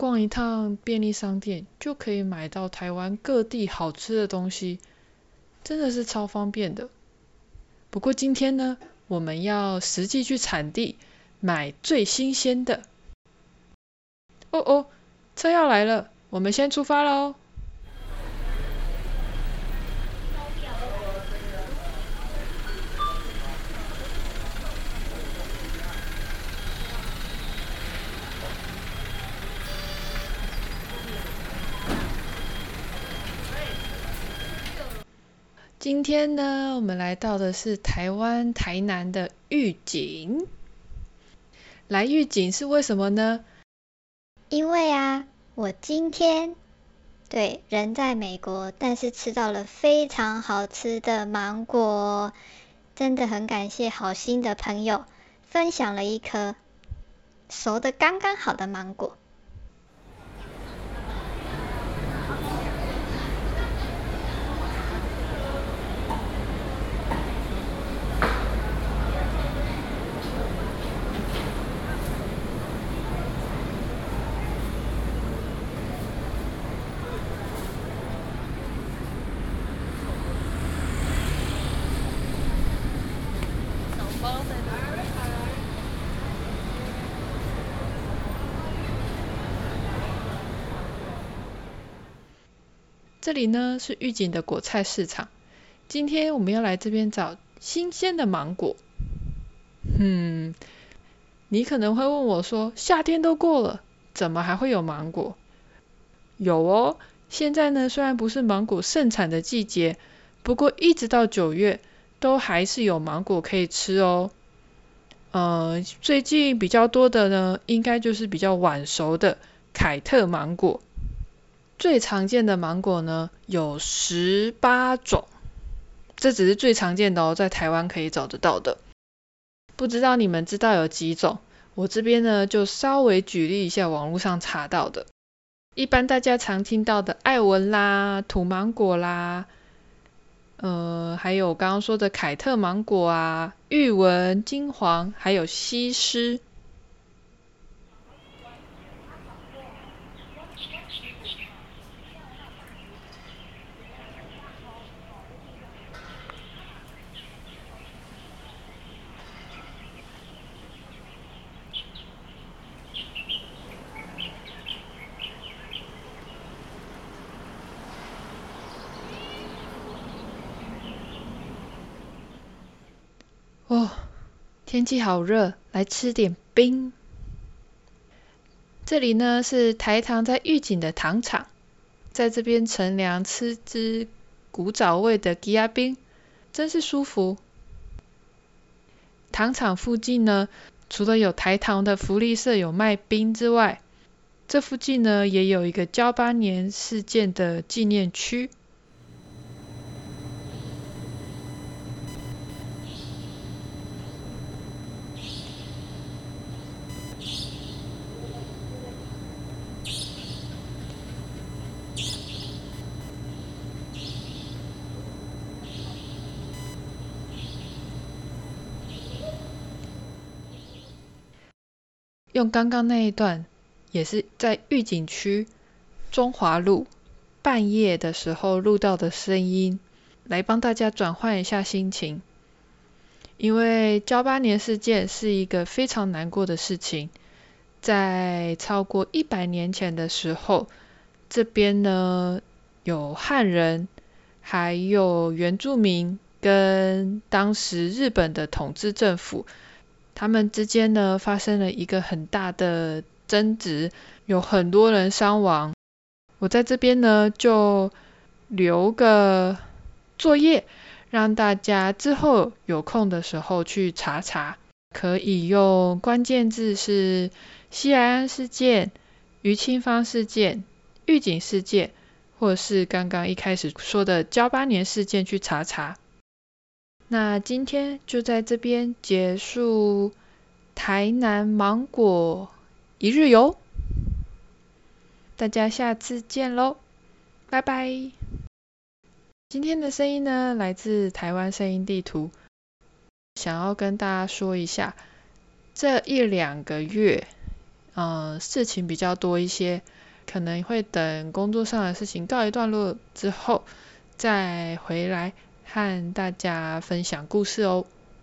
逛一趟便利商店就可以買到台灣各地好吃的東西，真的是超方便的。不過今天呢，我們要實際去產地買最新鮮的。哦哦，車要來了，我們先出發嘍！今天呢，我們來到的是台灣台南的玉井。來玉井是為什麼呢？因為啊，我今天，對，人在美國，但是吃到了非常好吃的芒果，真的很感謝好心的朋友分享了一顆熟得剛剛好的芒果。這裡呢，是玉井的果菜市場，今天我們要來這邊找新鮮的芒果。嗯，你可能會問我說，夏天都過了，怎麼還會有芒果？有哦，現在呢雖然不是芒果盛產的季節，不過一直到九月都還是有芒果可以吃哦。嗯、呃，最近比較多的呢，應該就是比較晚熟的凱特芒果。最常見的芒果呢有十八種，這只是最常見的哦，在台灣可以找得到的，不知道你們知道有幾種？我這邊呢就稍微舉例一下網絡上查到的，一般大家常聽到的愛文啦、土芒果啦，呃，還有剛剛說的凱特芒果啊、玉文、金黃，還有西施。哦，天氣好熱，來吃點冰。這裡呢是台糖在玉井的糖廠，在這邊乘涼吃支古早味的枝仔冰，真是舒服。糖廠附近呢，除了有台糖的福利社有賣冰之外，這附近呢也有一個噍吧哖事件的紀念區。用剛剛那一段，也是在玉井區中華路半夜的時候錄到的聲音，來幫大家轉換一下心情。因為噍吧哖事件是一個非常難過的事情，在超過一百年前的時候，這邊呢有漢人，還有原住民跟當時日本的統治政府。他們之間呢發生了一個很大的爭執，有很多人傷亡。我在這邊呢就留個作業，讓大家之後有空的時候去查查，可以用關鍵字是西來庵事件、余清芳事件、玉井事件，或是剛剛一開始說的噍吧哖事件去查查。那今天就在這邊結束台南芒果一日遊，大家下次見嘍，拜拜。今天的聲音呢來自台灣聲音地圖，想要跟大家說一下，這一兩個月，嗯，事情比較多一些，可能會等工作上的事情告一段落之後再回來。和大家分享故事哦。